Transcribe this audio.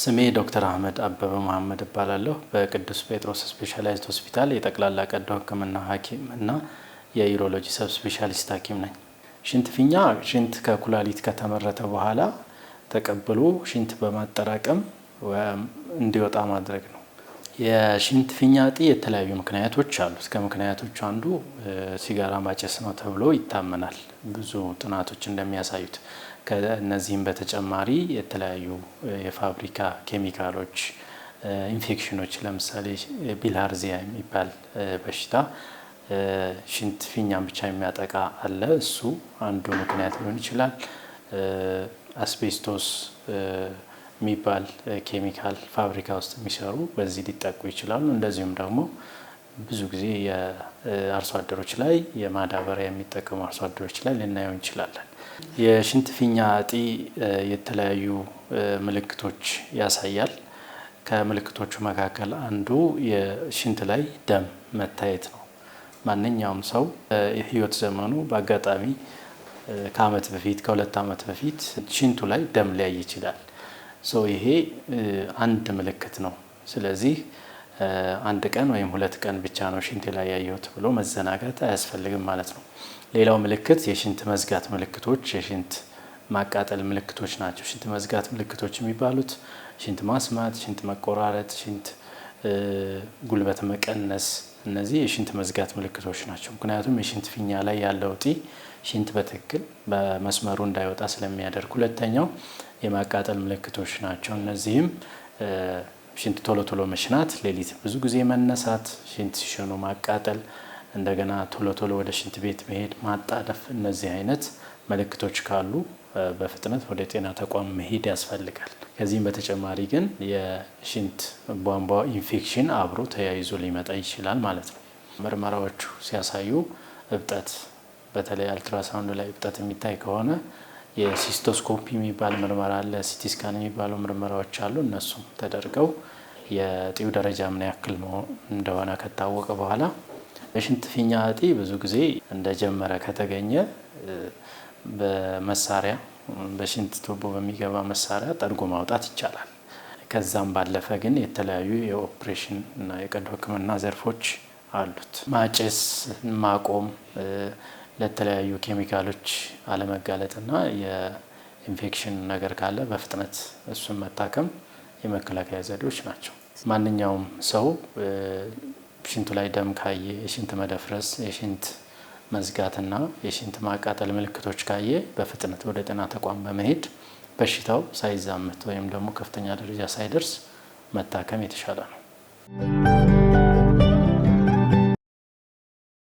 ስሜ ዶክተር አህመድ አበበ መሀመድ እባላለሁ። በቅዱስ ጴጥሮስ ስፔሻላይዝድ ሆስፒታል የጠቅላላ ቀዶ ሕክምና ሐኪም እና የዩሮሎጂ ሰብ ስፔሻሊስት ሐኪም ነኝ። ሽንት ፊኛ ሽንት ከኩላሊት ከተመረተ በኋላ ተቀብሎ ሽንት በማጠራቀም እንዲወጣ ማድረግ ነው። የሽንት ፊኛ የተለያዩ ምክንያቶች አሉ። እስከ ምክንያቶቹ አንዱ ሲጋራ ማጨስ ነው ተብሎ ይታመናል ብዙ ጥናቶች እንደሚያሳዩት። ከእነዚህም በተጨማሪ የተለያዩ የፋብሪካ ኬሚካሎች፣ ኢንፌክሽኖች ለምሳሌ ቢልሃርዚያ የሚባል በሽታ ሽንት ፊኛን ብቻ የሚያጠቃ አለ። እሱ አንዱ ምክንያት ሊሆን ይችላል። አስቤስቶስ የሚባል ኬሚካል ፋብሪካ ውስጥ የሚሰሩ በዚህ ሊጠቁ ይችላሉ። እንደዚሁም ደግሞ ብዙ ጊዜ የአርሶ አደሮች ላይ የማዳበሪያ የሚጠቀሙ አርሶ አደሮች ላይ ልናየው እንችላለን። የሽንት ፊኛ እጢ የተለያዩ ምልክቶች ያሳያል። ከምልክቶቹ መካከል አንዱ የሽንት ላይ ደም መታየት ነው። ማንኛውም ሰው ህይወት ዘመኑ በአጋጣሚ ከአመት በፊት ከሁለት ዓመት በፊት ሽንቱ ላይ ደም ሊያይ ይችላል። ሰው ይሄ አንድ ምልክት ነው። ስለዚህ አንድ ቀን ወይም ሁለት ቀን ብቻ ነው ሽንት ላይ ያየሁት ብሎ መዘናጋት አያስፈልግም ማለት ነው። ሌላው ምልክት የሽንት መዝጋት ምልክቶች፣ የሽንት ማቃጠል ምልክቶች ናቸው። ሽንት መዝጋት ምልክቶች የሚባሉት ሽንት ማስማት፣ ሽንት መቆራረጥ፣ ሽንት ጉልበት መቀነስ እነዚህ የሽንት መዝጋት ምልክቶች ናቸው። ምክንያቱም የሽንት ፊኛ ላይ ያለው እጢ ሽንት በትክክል በመስመሩ እንዳይወጣ ስለሚያደርግ። ሁለተኛው የማቃጠል ምልክቶች ናቸው። እነዚህም ሽንት ቶሎ ቶሎ መሽናት፣ ሌሊት ብዙ ጊዜ መነሳት፣ ሽንት ሲሸኑ ማቃጠል፣ እንደገና ቶሎ ቶሎ ወደ ሽንት ቤት መሄድ፣ ማጣደፍ፣ እነዚህ አይነት ምልክቶች ካሉ በፍጥነት ወደ ጤና ተቋም መሄድ ያስፈልጋል። ከዚህም በተጨማሪ ግን የሽንት ቧንቧ ኢንፌክሽን አብሮ ተያይዞ ሊመጣ ይችላል ማለት ነው። ምርመራዎቹ ሲያሳዩ እብጠት በተለይ አልትራሳውንድ ላይ እብጠት የሚታይ ከሆነ የሲስቶስኮፒ የሚባል ምርመራ አለ። ሲቲስካን የሚባሉ ምርመራዎች አሉ። እነሱም ተደርገው የእጢው ደረጃ ምን ያክል እንደሆነ ከታወቀ በኋላ በሽንት ፊኛ እጢ ብዙ ጊዜ እንደጀመረ ከተገኘ በመሳሪያ በሽንት ቱቦ በሚገባ መሳሪያ ጠርጎ ማውጣት ይቻላል። ከዛም ባለፈ ግን የተለያዩ የኦፕሬሽን እና የቀዶ ሕክምና ዘርፎች አሉት። ማጨስ ማቆም፣ ለተለያዩ ኬሚካሎች አለመጋለጥ እና የኢንፌክሽን ነገር ካለ በፍጥነት እሱን መታከም የመከላከያ ዘዴዎች ናቸው። ማንኛውም ሰው ሽንቱ ላይ ደም ካየ፣ የሽንት መደፍረስ፣ የሽንት መዝጋትና የሽንት ማቃጠል ምልክቶች ካየ በፍጥነት ወደ ጤና ተቋም በመሄድ በሽታው ሳይዛመት ወይም ደግሞ ከፍተኛ ደረጃ ሳይደርስ መታከም የተሻለ ነው።